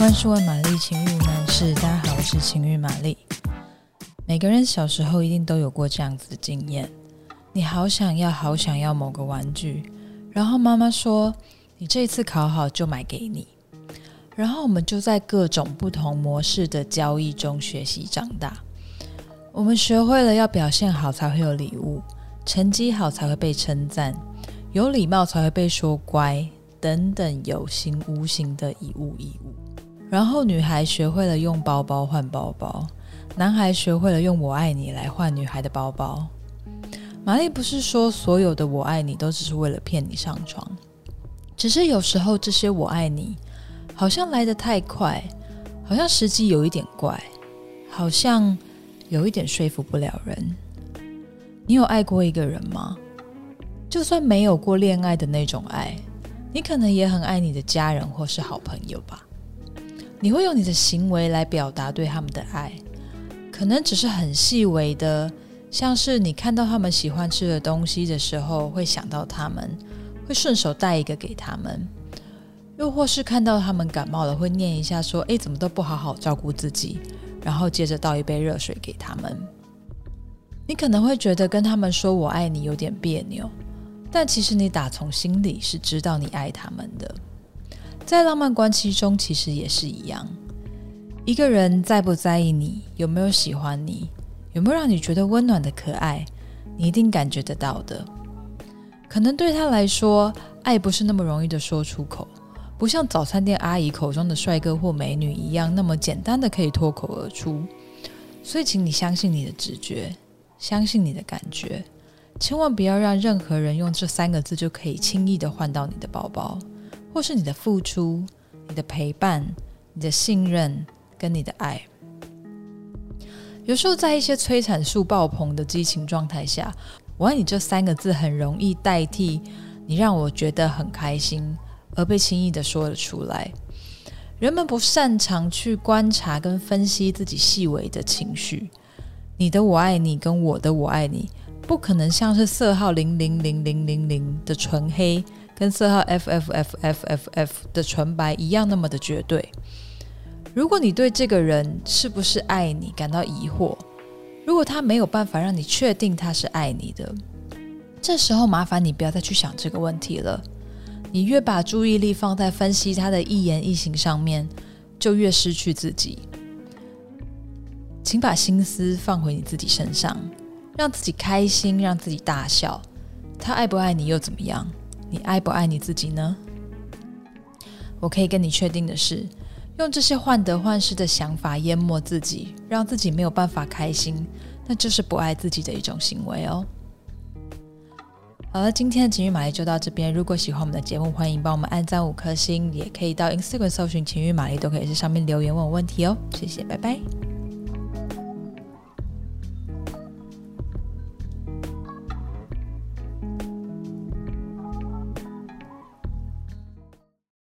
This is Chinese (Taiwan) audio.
萬事問瑪麗，情慾難事。大家好，我是情慾瑪麗。每個人小時候一定都有過這樣子的經驗：你好想要，好想要某個玩具，然後媽媽說你這次考好就買給你。然後我們就在各種不同模式的交易中學習長大。我們學會了要表現好才會有禮物，成績好才會被稱讚，有禮貌才會被說乖，等等，有形無形的以物易物。然後，女孩學會了用包包換包包，男孩學會了用“我愛你”來換女孩的包包。瑪麗不是說所有的“我愛你”都只是為了騙你上床，只是有時候這些“我愛你”好像來得太快，好像時機有一點怪，好像有一點說服不了人。你有愛過一個人嗎？就算沒有過戀愛的那種愛，你可能也很愛你的家人或是好朋友吧。你會用你的行為來表達對他們的愛，可能只是很細微的，像是你看到他們喜歡吃的東西的時候，會想到他們會順手帶一個給他們；又或是看到他們感冒了，會念一下說：“誒，怎麼都不好好照顧自己？”然後接着倒一杯熱水給他們。你可能會覺得跟他們說我愛你有點彆扭，但其實你打從心裡是知道你愛他們的。在浪漫關係中，其實也是一樣。一個人在不在意你，有沒有喜歡你，有沒有讓你覺得溫暖的可愛，你一定感覺得到的。可能對他來說，愛不是那麼容易的說出口，不像早餐店阿姨口中的帥哥或美女一樣，那麼簡單的可以脫口而出。所以，請你相信你的直覺，相信你的感覺，千萬不要讓任何人用這三個字就可以輕易的換到你的包包。或是你的付出、你的陪伴、你的信任跟你的愛，有時候在一些催產素爆棚的激情狀態下，“我愛你”這三個字很容易代替你讓我覺得很開心而被輕易地說了出來。人們不擅長去觀察跟分析自己細微的情緒，你的“我愛你”跟我的“我愛你”不可能像是色號零零零零零零的純黑。跟色號 F F F F F F 的純白一樣，那麼的絕對。如果你對這個人是不是愛你感到疑惑，如果他沒有辦法讓你確定他是愛你的，這時候麻煩你不要再去想這個問題了。你越把注意力放在分析他的一言一行上面，就越失去自己。請把心思放回你自己身上，讓自己開心，讓自己大笑。他愛不愛你又怎麼樣？你愛不愛你自己呢？我可以跟你確定的是，用這些患得患失的想法淹沒自己，讓自己沒有辦法開心，那就是不愛自己的一種行為哦。好了，今天的情慾瑪麗就到這邊。如果喜歡我們的節目，歡迎幫我們按讚五顆星，也可以到 Instagram 搜尋情慾瑪麗，都可以在上面留言問我問題哦。謝謝，拜拜。